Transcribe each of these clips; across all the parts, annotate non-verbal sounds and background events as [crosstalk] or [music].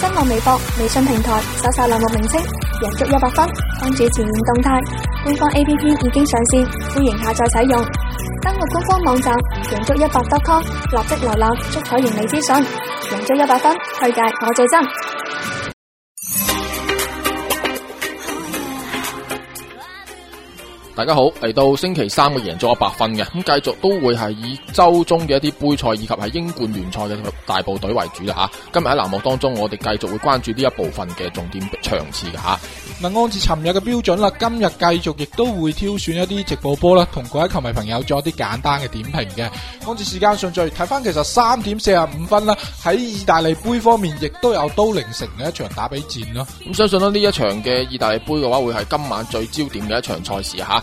新浪微博、微信平台，搜索欄目名稱，贏足一百分，關注前沿動態。官方 APP 已經上線，歡迎下載使用。登錄官方網站，贏足一百分 .com 立即瀏覽，足彩完美資訊。贏足一百分，推介我最真。大家好，嚟到星期三嘅贏足 100FUN 嘅，咁、嗯、繼續都會係以周中嘅一啲杯賽以及係英冠聯賽嘅大部隊為主啦吓、啊。今日喺欄目當中，我哋繼續會關注呢一部分嘅重點場次嘅吓。嗱、啊，按照尋日嘅標準啦，今日繼續亦都會挑選一啲直播波啦，同各位球迷朋友做一啲簡單嘅點評嘅。按照時間順序睇翻，其實三點四十五分啦，喺、啊、意大利杯方面亦都有都靈城嘅一場打比戰咯。咁、啊嗯、相信啦，呢一場嘅意大利杯嘅話，會係今晚最焦點嘅一場賽事吓。啊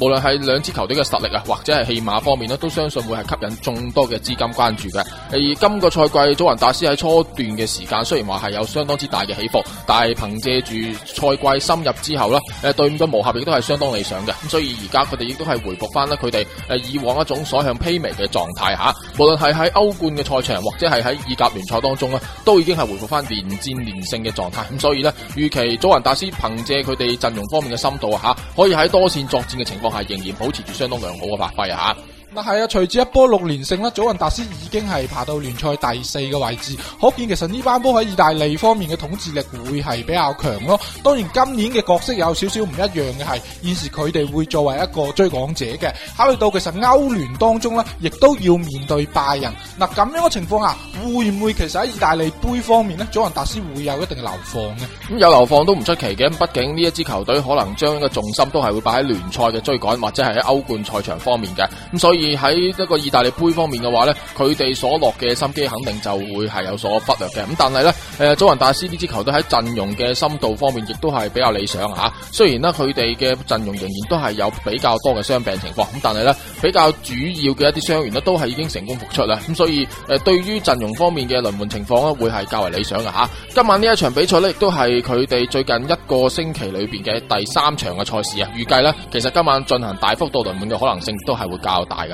無論係兩支球隊嘅實力啊，或者係戲碼方面咧，都相信會係吸引眾多嘅資金關注嘅。而今個賽季，祖雲達斯喺初段嘅時間雖然話係有相當之大嘅起伏，但係憑借住賽季深入之後咧，誒隊伍嘅磨合亦都係相當理想嘅。咁所以而家佢哋亦都係回復翻啦，佢哋誒以往一種所向披靡嘅狀態吓。無論係喺歐冠嘅賽場，或者係喺意甲聯賽當中咧，都已經係回復翻連戰連勝嘅狀態。咁所以呢，預期祖雲達斯憑借佢哋陣容方面嘅深度吓，可以喺多線作戰嘅情況下仍然保持住相當良好嘅發揮。啊！嗱係啊，隨住一波六連勝咧，祖雲達斯已經係爬到聯賽第四嘅位置，可見其實呢班波喺意大利方面嘅統治力會係比較強咯。當然今年嘅角色有少少唔一樣嘅係，現時佢哋會作為一個追趕者嘅。考慮到其實歐聯當中呢，亦都要面對拜仁。嗱咁樣嘅情況下，會唔會其實喺意大利杯方面呢？祖雲達斯會有一定嘅流放嘅？咁，嗯、有流放都唔出奇嘅，畢竟呢一支球隊可能將個重心都係會擺喺聯賽嘅追趕，或者係喺歐冠賽場方面嘅。咁，嗯、所以。喺一個意大利杯方面嘅話呢，佢哋所落嘅心機肯定就會係有所忽略嘅。咁、嗯、但係呢，誒，祖雲達斯呢支球隊喺陣容嘅深度方面，亦都係比較理想吓。雖然呢，佢哋嘅陣容仍然都係有比較多嘅傷病情況，咁但係呢，比較主要嘅一啲傷員咧都係已經成功復出啦。咁、嗯、所以誒、呃，對於陣容方面嘅輪換情況咧，會係較為理想嘅吓。今晚呢一場比賽呢，亦都係佢哋最近一個星期裏邊嘅第三場嘅賽事啊。預計咧，其實今晚進行大幅度輪換嘅可能性都係會較大。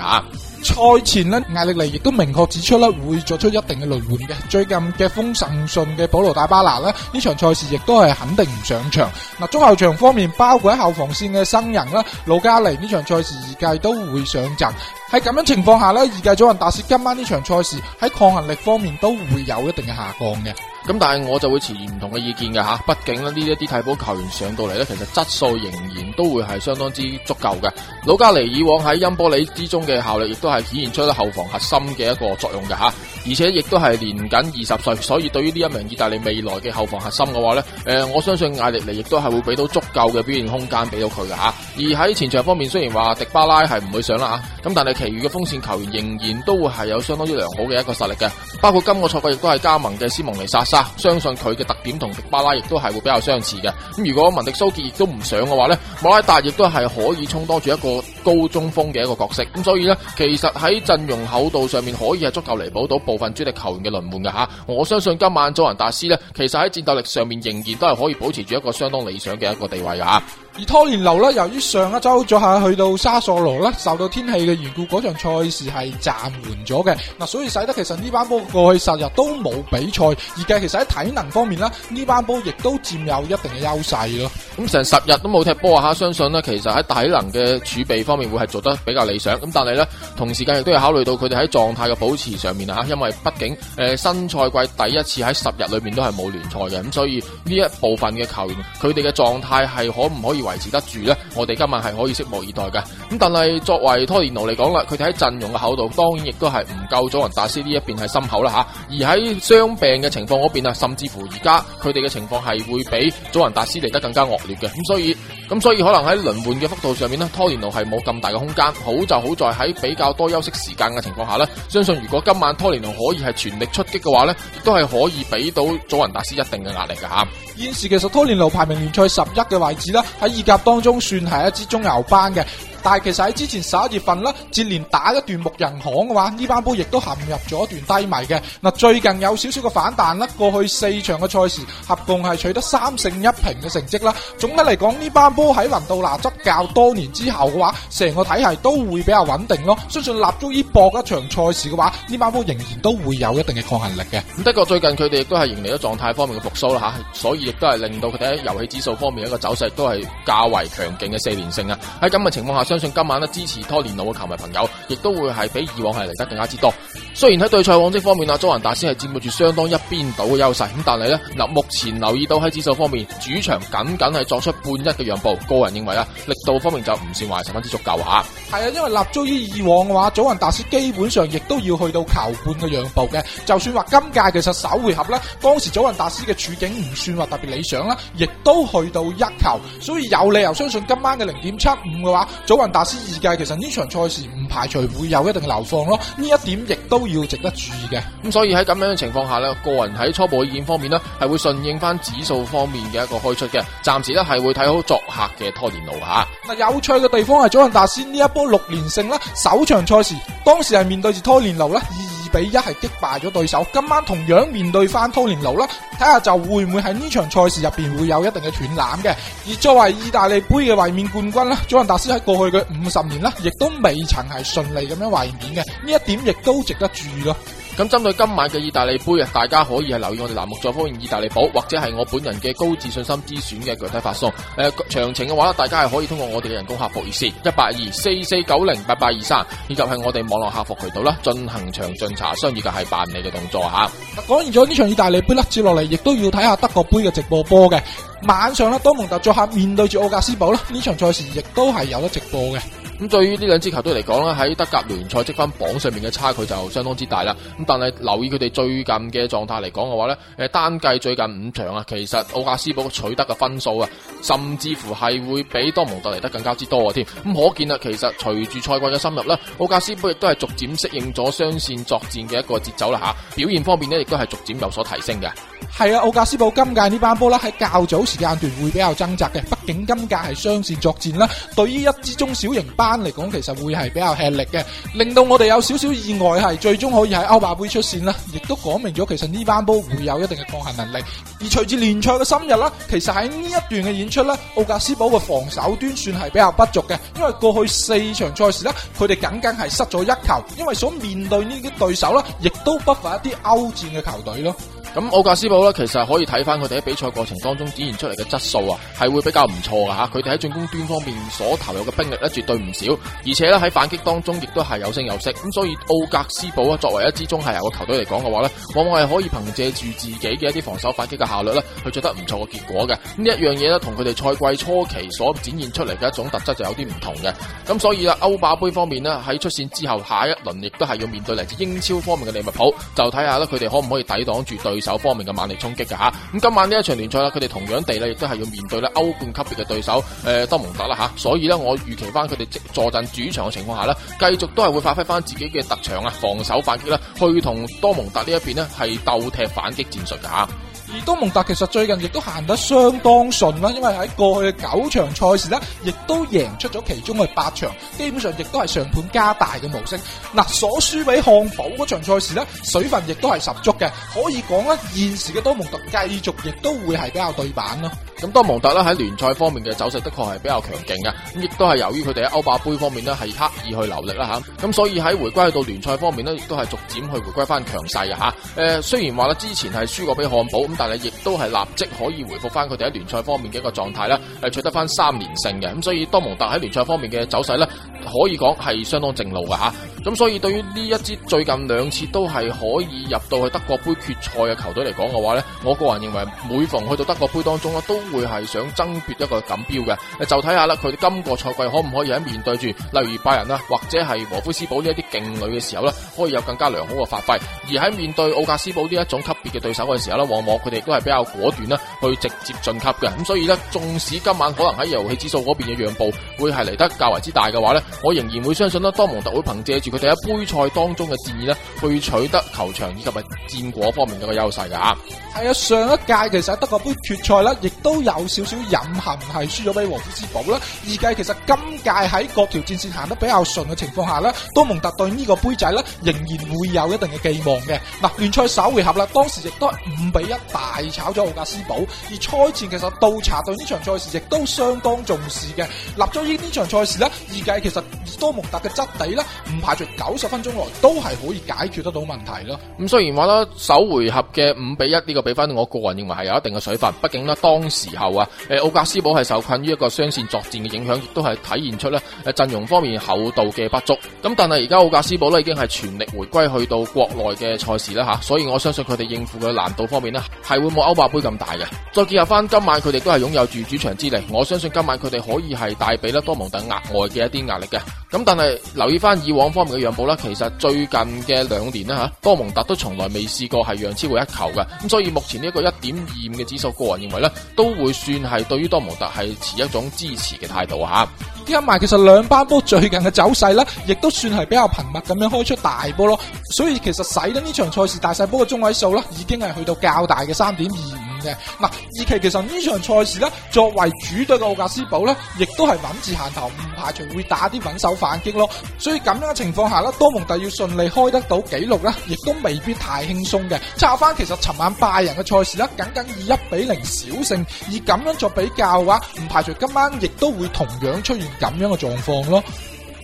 賽、啊、前咧，艾力尼亦都明確指出咧，會作出一定嘅輪換嘅。最近嘅封神信嘅保羅大巴拿咧，呢場賽事亦都係肯定唔上場。嗱、啊，中後場方面，包括喺後防線嘅新人啦，魯加尼呢場賽事二界都會上陣。喺咁樣情況下呢，二界祖雲達斯今晚呢場賽事喺抗衡力方面都會有一定嘅下降嘅。咁但係我就會持唔同嘅意見嘅吓，畢竟咧呢一啲替補球員上到嚟咧，其實質素仍然都會係相當之足夠嘅。魯加尼以往喺恩波里之中嘅效力，亦都係顯現出咧後防核心嘅一個作用嘅吓。而且亦都係年僅二十歲，所以對於呢一名意大利未來嘅後防核心嘅話咧，誒、呃，我相信艾力尼亦都係會俾到足夠嘅表現空間俾到佢嘅嚇。而喺前場方面，雖然話迪巴拉係唔會上啦嚇，咁、啊、但係其餘嘅鋒線球員仍然都會係有相當之良好嘅一個實力嘅。包括今個賽季亦都係加盟嘅斯蒙尼沙沙，相信佢嘅特點同迪巴拉亦都係會比較相似嘅。咁、啊、如果文迪蘇杰亦都唔上嘅話呢，莫拉達亦都係可以充當住一個。高中鋒嘅一個角色，咁所以咧，其實喺陣容厚度上面可以係足夠彌補到部分主力球員嘅輪換嘅吓，我相信今晚祖雲達斯咧，其實喺戰鬥力上面仍然都係可以保持住一個相當理想嘅一個地位嘅吓。而拖連流啦，由於上一周做下去到沙索羅啦，受到天氣嘅緣故，場賽事係暫緩咗嘅。嗱，所以使得其實呢班波過去十日都冇比賽，而家其實喺體能方面咧，呢班波亦都佔有一定嘅優勢咯。咁成十日都冇踢波啊，吓！相信呢其實喺體能嘅儲備方面會係做得比較理想。咁但係呢同時間亦都有考慮到佢哋喺狀態嘅保持上面啊。吓，因為畢竟誒、呃、新賽季第一次喺十日裏面都係冇聯賽嘅，咁所以呢一部分嘅球員，佢哋嘅狀態係可唔可以？維持得住呢，我哋今晚係可以拭目以待嘅。咁但係作為拖連奴嚟講啦，佢哋喺陣容嘅厚度，當然亦都係唔夠祖雲達斯呢一邊係深厚啦吓。而喺傷病嘅情況嗰邊啊，甚至乎而家佢哋嘅情況係會比祖雲達斯嚟得更加惡劣嘅。咁所以咁所以可能喺輪換嘅幅度上面咧，拖連奴係冇咁大嘅空間。好就好在喺比較多休息時間嘅情況下咧，相信如果今晚拖連奴可以係全力出擊嘅話呢，亦都係可以俾到祖雲達斯一定嘅壓力嘅吓。現時其實拖連奴排名聯賽十一嘅位置啦，喺 [music] 意甲當中算係一支中牛班嘅。但係其實喺之前十一月份啦，接連打一段牧人行嘅話，呢班波亦都陷入咗一段低迷嘅。嗱，最近有少少嘅反彈啦，過去四場嘅賽事合共係取得三勝一平嘅成績啦。總體嚟講，呢班波喺輪到納執教多年之後嘅話，成個體系都會比較穩定咯。相信立足於搏一場賽事嘅話，呢班波仍然都會有一定嘅抗衡力嘅。咁的確，最近佢哋亦都係迎嚟咗狀態方面嘅復甦啦吓，所以亦都係令到佢哋喺遊戲指數方面一個走勢都係較為強勁嘅四連勝啊。喺咁嘅情況下。相信今晚咧支持拖連奴嘅球迷朋友，亦都會係比以往係嚟得更加之多。雖然喺對賽往績方面啊，祖雲達斯係佔據住相當一邊倒嘅優勢，咁但係咧嗱，目前留意到喺指數方面，主場僅僅係作出半一嘅讓步，個人認為啦，力度方面就唔算話十分之足夠吓、啊。係啊，因為立足於以,以往嘅話，祖雲達斯基本上亦都要去到球半嘅讓步嘅。就算話今屆其實首回合咧，當時祖雲達斯嘅處境唔算話特別理想啦，亦都去到一球，所以有理由相信今晚嘅零點七五嘅話，祖雲達斯二屆，其實呢場賽事唔排除會有一定流放咯，呢一點亦都要值得注意嘅。咁所以喺咁樣嘅情況下咧，個人喺初步意見方面呢係會順應翻指數方面嘅一個開出嘅，暫時呢係會睇好作客嘅拖連路。吓、啊。嗱，有趣嘅地方係祖雲達斯呢一波六連勝啦，首場賽事當時係面對住拖連路。啦、啊。比一係擊敗咗對手，今晚同樣面對翻托連奴啦，睇下就會唔會喺呢場賽事入邊會有一定嘅斷纜嘅。而作為意大利杯嘅衛冕冠軍啦，祖雲達斯喺過去嘅五十年啦，亦都未曾係順利咁樣衛冕嘅，呢一點亦都值得注意咯。咁針對今晚嘅意大利杯啊，大家可以係留意我哋欄目再歡迎意大利寶，或者係我本人嘅高自信心之選嘅具體發送。誒、呃，詳情嘅話大家係可以通過我哋嘅人工客服熱線一八二四四九零八八二三，23，以及係我哋網絡客服渠道啦，進行詳盡查詢以及係辦理嘅動作吓。講完咗呢場意大利杯啦，接落嚟亦都要睇下德國杯嘅直播波嘅。晚上啦，多蒙特作客面對住奧格斯堡啦，呢場賽事亦都係有得直播嘅。咁對於呢兩支球隊嚟講，咧，喺德甲聯賽積分榜上面嘅差距就相當之大啦。咁但係留意佢哋最近嘅狀態嚟講嘅話，咧，誒單計最近五場啊，其實奧格斯堡取得嘅分數啊，甚至乎係會比多蒙特嚟得更加之多嘅添，咁可見啦，其實隨住賽季嘅深入啦，奧格斯堡亦都係逐漸適應咗雙線作戰嘅一個節奏啦吓、啊，表現方面呢，亦都係逐漸有所提升嘅。係啊，奧格斯堡今屆呢班波啦喺較早時間段會比較掙扎嘅，畢竟今屆係雙線作戰啦，對於一支中小型班嚟講，其實會係比較吃力嘅，令到我哋有少少意外係最終可以喺歐霸杯出線啦，亦都講明咗其實呢班波會有一定嘅抗衡能力。而隨住聯賽嘅深入啦，其實喺呢一段嘅演出啦，奧格斯堡嘅防守端算係比較不俗嘅，因為過去四場賽事咧，佢哋僅僅係失咗一球，因為所面對呢啲對手咧，亦都不乏一啲歐戰嘅球隊咯。咁奧格斯堡咧，其實可以睇翻佢哋喺比賽過程當中展現出嚟嘅質素啊，係會比較唔錯噶吓。佢哋喺進攻端方面所投入嘅兵力咧，絕對唔少，而且咧喺反擊當中亦都係有聲有色。咁所以奧格斯堡啊，作為一支中下游嘅球隊嚟講嘅話咧，往往係可以憑借住自己嘅一啲防守反擊嘅效率咧，去取得唔錯嘅結果嘅。呢一樣嘢咧，同佢哋賽季初期所展現出嚟嘅一種特質就有啲唔同嘅。咁所以啊，歐霸杯方面呢，喺出線之後下一輪亦都係要面對嚟自英超方面嘅利物浦，就睇下啦，佢哋可唔可以抵擋住對。對手方面嘅猛力衝擊嘅吓，咁今晚呢一場聯賽啦，佢哋同樣地咧亦都係要面對咧歐冠級別嘅對手誒、呃、多蒙特啦吓、啊，所以咧我預期翻佢哋坐鎮主場嘅情況下咧，繼續都係會發揮翻自己嘅特長啊，防守反擊啦，去同多蒙特呢一邊咧係鬥踢反擊戰術嘅吓。啊而多蒙特其實最近亦都行得相當順啦，因為喺過去嘅九場賽事咧，亦都贏出咗其中嘅八場，基本上亦都係上盤加大嘅模式。嗱、啊，所輸俾漢堡嗰場賽事咧，水分亦都係十足嘅，可以講咧，現時嘅多蒙特繼續亦都會係比較對版咯。咁多蒙特咧，喺聯賽方面嘅走勢的確係比較強勁嘅，咁亦都係由於佢哋喺歐霸杯方面呢，係刻意去留力啦吓，咁所以喺回歸去到聯賽方面呢，亦都係逐漸去回歸翻強勢嘅吓。誒，雖然話咧，之前係輸過俾漢堡，咁但係亦都係立即可以回復翻佢哋喺聯賽方面嘅一個狀態咧，係取得翻三連勝嘅。咁所以多蒙特喺聯賽方面嘅走勢呢，可以講係相當正路嘅吓。咁所以對於呢一支最近兩次都係可以入到去德國杯決賽嘅球隊嚟講嘅話呢，我個人認為每逢去到德國杯當中咧都。會係想爭奪一個錦標嘅，就睇下啦。佢哋今個賽季可唔可以喺面對住，例如拜仁啊，或者係和夫斯堡呢一啲勁旅嘅時候呢，可以有更加良好嘅發揮。而喺面對奧格斯堡呢一種級別嘅對手嘅時候呢，往往佢哋都係比較果斷啦，去直接晉級嘅。咁、嗯、所以呢，而家，縱使今晚可能喺遊戲指數嗰邊嘅讓步會係嚟得較為之大嘅話呢，我仍然會相信啦，多蒙特會憑借住佢哋喺杯賽當中嘅戰意呢，去取得球場以及係戰果方面嘅優勢嘅啊。係啊，上一屆其實德國杯決賽啦，亦都。都有少少隱含係輸咗俾王之斯堡啦，預計，其實今屆喺各條戰線行得比較順嘅情況下咧，多蒙特對呢個杯仔咧仍然會有一定嘅寄望嘅。嗱、啊，聯賽首回合啦，當時亦都係五比一大炒咗奧格斯堡，而賽前其實倒查對呢場賽事亦都相當重視嘅，立咗呢呢場賽事咧，預計其實多蒙特嘅質地咧唔排除九十分鐘內都係可以解決得到問題咯。咁雖然話啦，首回合嘅五比一呢個比分，我個人認為係有一定嘅水分，畢竟咧當時。時候啊，誒，奧格斯堡係受困於一個雙線作戰嘅影響，亦都係體現出咧誒陣容方面厚度嘅不足。咁但係而家奧格斯堡咧已經係全力回歸去到國內嘅賽事啦吓，所以我相信佢哋應付嘅難度方面呢，係會冇歐霸杯咁大嘅。再結合翻今晚佢哋都係擁有住主場之利。我相信今晚佢哋可以係帶俾咧多蒙特額外嘅一啲壓力嘅。咁但係留意翻以往方面嘅讓步呢，其實最近嘅兩年呢，吓，多蒙特都從來未試過係讓超過一球嘅。咁所以目前呢個一點二五嘅指數，個人認為呢。都。會算係對於多模特係持一種支持嘅態度吓，加埋其實兩班波最近嘅走勢咧，亦都算係比較頻密咁樣開出大波咯，所以其實使得呢場賽事大細波嘅中位數咧，已經係去到較大嘅三點二。嘅嗱，二期其，其實呢場賽事咧，作為主隊嘅奧格斯堡咧，亦都係穩字行頭，唔排除會打啲穩手反擊咯。所以咁樣嘅情況下咧，多蒙特要順利開得到紀錄咧，亦都未必太輕鬆嘅。查返其實尋晚拜仁嘅賽事咧，僅僅以一比零小勝，以咁樣作比較嘅話，唔排除今晚亦都會同樣出現咁樣嘅狀況咯。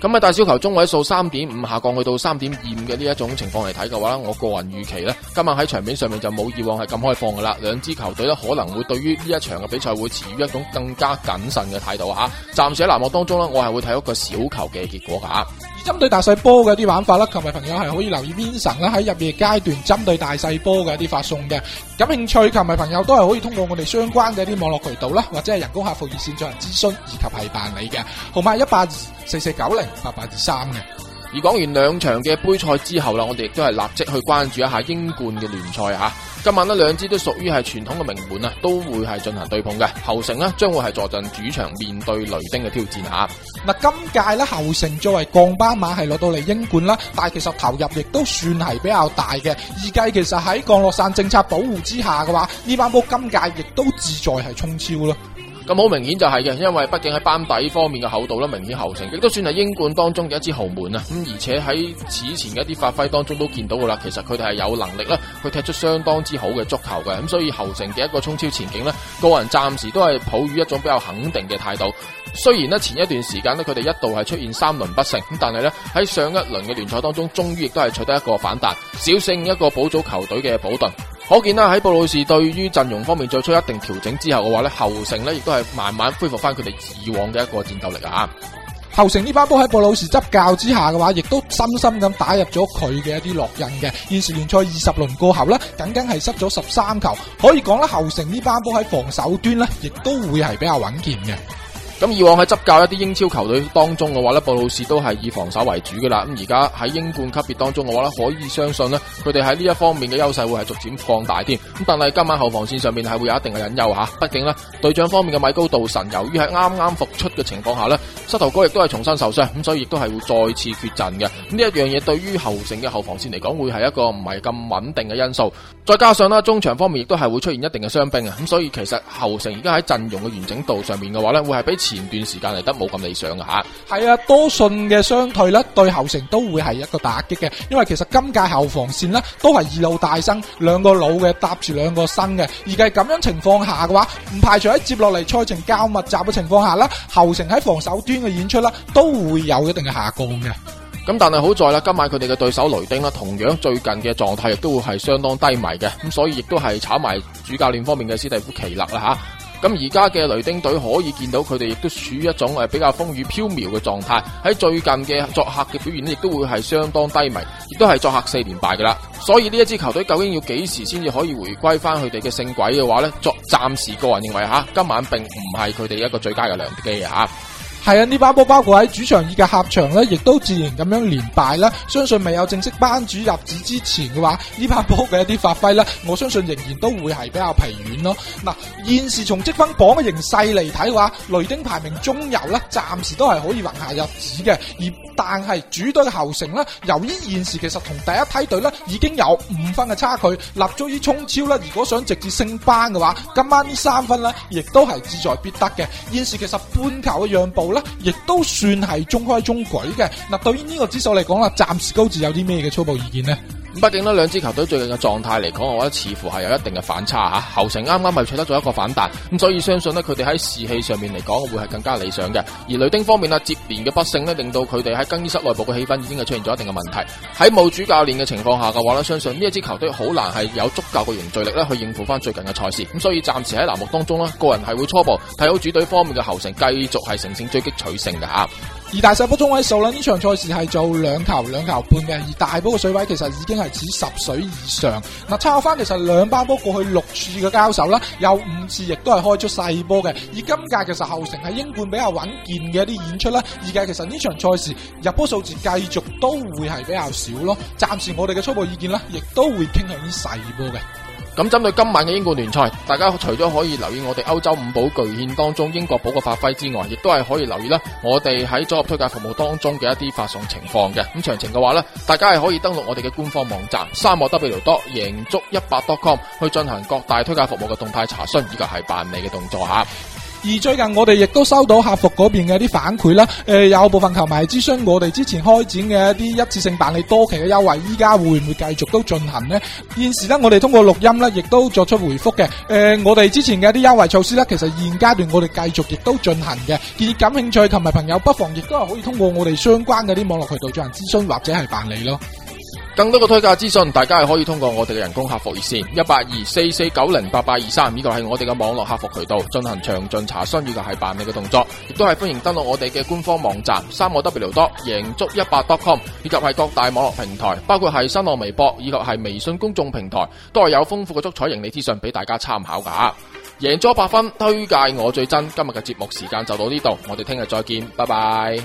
咁啊，大小球中位數三點五下降去到三點二五嘅呢一種情況嚟睇嘅話，呢我個人預期呢，今晚喺場面上面就冇以往係咁開放噶啦，兩支球隊咧可能會對於呢一場嘅比賽會持於一種更加謹慎嘅態度啊。暫時喺欄目當中呢我係會睇一個小球嘅結果吓。啊針對大細波嘅啲玩法啦，球迷朋友係可以留意 Vincent 啦，喺入夜階段針對大細波嘅一啲發送嘅。感興趣球迷朋友都係可以通過我哋相關嘅一啲網絡渠道啦，或者係人工客服熱綫進行諮詢以及係辦理嘅，號碼一八二四四九零八八二三嘅。而講完兩場嘅杯賽之後啦，我哋亦都係立即去關注一下英冠嘅聯賽吓。今晚咧，兩支都屬於係傳統嘅名門啊，都會係進行對碰嘅。侯城咧，將會係坐鎮主場面對雷丁嘅挑戰嚇。嗱，今屆咧，侯城作為降班馬係攞到嚟英冠啦，但係其實投入亦都算係比較大嘅。二屆其實喺降落傘政策保護之下嘅話，呢班波今屆亦都自在係衝超咯。咁好明顯就係嘅，因為畢竟喺班底方面嘅厚度咧，明顯後程亦都算係英冠當中嘅一支豪門啊。咁而且喺此前嘅一啲發揮當中都見到噶啦，其實佢哋係有能力咧去踢出相當之好嘅足球嘅。咁所以後程嘅一個衝超前景咧，個人暫時都係抱於一種比較肯定嘅態度。雖然呢前一段時間咧，佢哋一度係出現三輪不勝，咁但係呢喺上一輪嘅聯賽當中，終於亦都係取得一個反彈，小勝一個保組球隊嘅保頓。可見啦，喺布魯士對於陣容方面作出一定調整之後嘅話咧，后城咧亦都係慢慢恢復翻佢哋以往嘅一個戰鬥力啊！后城呢班波喺布魯士執教之下嘅話，亦都深深咁打入咗佢嘅一啲烙印嘅。現時聯賽二十輪過後咧，僅僅係失咗十三球，可以講咧，后城呢班波喺防守端咧，亦都會係比較穩健嘅。咁以往喺執教一啲英超球隊當中嘅話咧，布魯士都係以防守為主噶啦。咁而家喺英冠級別當中嘅話咧，可以相信咧，佢哋喺呢一方面嘅優勢會係逐漸放大添。咁但係今晚後防線上面係會有一定嘅隱憂吓，畢竟咧隊長方面嘅米高道臣由於係啱啱復出嘅情況下咧，膝頭哥亦都係重新受傷，咁所以亦都係會再次缺陣嘅。呢一樣嘢對於侯城嘅後防線嚟講，會係一個唔係咁穩定嘅因素。再加上啦，中場方面亦都係會出現一定嘅傷兵啊。咁所以其實侯城而家喺陣容嘅完整度上面嘅話咧，會係比，前段時間嚟得冇咁理想嘅吓，係啊，多信嘅傷退呢對後城都會係一個打擊嘅，因為其實今屆後防線呢都係二老帶新，兩個老嘅搭住兩個新嘅，而係咁樣情況下嘅話，唔排除喺接落嚟賽程較密集嘅情況下呢，後城喺防守端嘅演出呢都會有一定嘅下降嘅。咁但係好在啦，今晚佢哋嘅對手雷丁咧，同樣最近嘅狀態亦都會係相當低迷嘅，咁所以亦都係炒埋主教練方面嘅斯蒂夫奇勒啦吓。咁而家嘅雷丁隊可以見到佢哋亦都處於一種誒比較風雨飄渺嘅狀態，喺最近嘅作客嘅表現亦都會係相當低迷，亦都係作客四連敗噶啦。所以呢一支球隊究竟要幾時先至可以回歸翻佢哋嘅勝軌嘅話咧，作暫時個人認為吓，今晚並唔係佢哋一個最佳嘅良機啊。係啊，呢把波包括喺主場以及客場呢，亦都自然咁樣連敗啦。相信未有正式班主入主之前嘅話，呢把波嘅一啲發揮呢，我相信仍然都會係比較疲軟咯。嗱、啊，現時從積分榜嘅形勢嚟睇嘅話，雷丁排名中游呢，暫時都係可以橫下入主嘅。而但係主隊嘅後程呢，由於現時其實同第一梯隊呢已經有五分嘅差距，立足於衝超呢，如果想直接升班嘅話，今晚呢三分呢，亦都係志在必得嘅。現時其實半球嘅讓步亦都算係中規中矩嘅。嗱，對於呢個指數嚟講啦，暫時高置有啲咩嘅初步意見呢？畢竟咧，兩支球隊最近嘅狀態嚟講，我覺得似乎係有一定嘅反差吓。侯城啱啱係取得咗一個反彈，咁所以相信咧，佢哋喺士氣上面嚟講會係更加理想嘅。而雷丁方面咧，接連嘅不勝咧，令到佢哋喺更衣室內部嘅氣氛已經係出現咗一定嘅問題。喺冇主教練嘅情況下嘅話咧，相信呢一支球隊好難係有足夠嘅凝聚力咧去應付翻最近嘅賽事。咁所以暫時喺欄目當中咧，個人係會初步睇好主隊方面嘅侯城，繼續係乘勝追擊取勝嘅吓。而大細波中位數啦，呢場賽事係做兩球兩球半嘅，而大波嘅水位其實已經係止十水以上。嗱、啊，參考翻其實兩班波過去六次嘅交手啦，有五次亦都係開出細波嘅。而今屆其實後程係英冠比較穩健嘅一啲演出啦，而家其實呢場賽事入波數字繼續都會係比較少咯。暫時我哋嘅初步意見啦，亦都會傾向於細波嘅。咁針對今晚嘅英國聯賽，大家除咗可以留意我哋歐洲五寶巨獻當中英國寶嘅發揮之外，亦都係可以留意啦，我哋喺組合推介服務當中嘅一啲發送情況嘅。咁詳情嘅話咧，大家係可以登錄我哋嘅官方網站三個 W 多贏足一百 .com 去進行各大推介服務嘅動態查詢，以及係辦理嘅動作嚇。而最近我哋亦都收到客服嗰邊嘅一啲反饋啦，誒、呃，有部分球迷諮詢我哋之前開展嘅一啲一次性辦理多期嘅優惠，依家會唔會繼續都進行咧？現時咧我哋通過錄音咧，亦都作出回覆嘅。誒、呃，我哋之前嘅一啲優惠措施咧，其實現階段我哋繼續亦都進行嘅，建議感興趣球迷朋友不妨亦都係可以通過我哋相關嘅啲網絡渠道進行諮詢或者係辦理咯。更多嘅推介資訊，大家係可以通過我哋嘅人工客服熱線一八二四四九零八八二三，呢個係我哋嘅網絡客服渠道進行詳盡查詢以及係辦理嘅動作，亦都係歡迎登錄我哋嘅官方網站三個 W 多贏足一百 dot com，以及係各大網絡平台，包括係新浪微博以及係微信公眾平台，都係有豐富嘅足彩盈利資訊俾大家參考噶吓。贏咗百分，推介我最真。今日嘅節目時間就到呢度，我哋聽日再見，拜拜。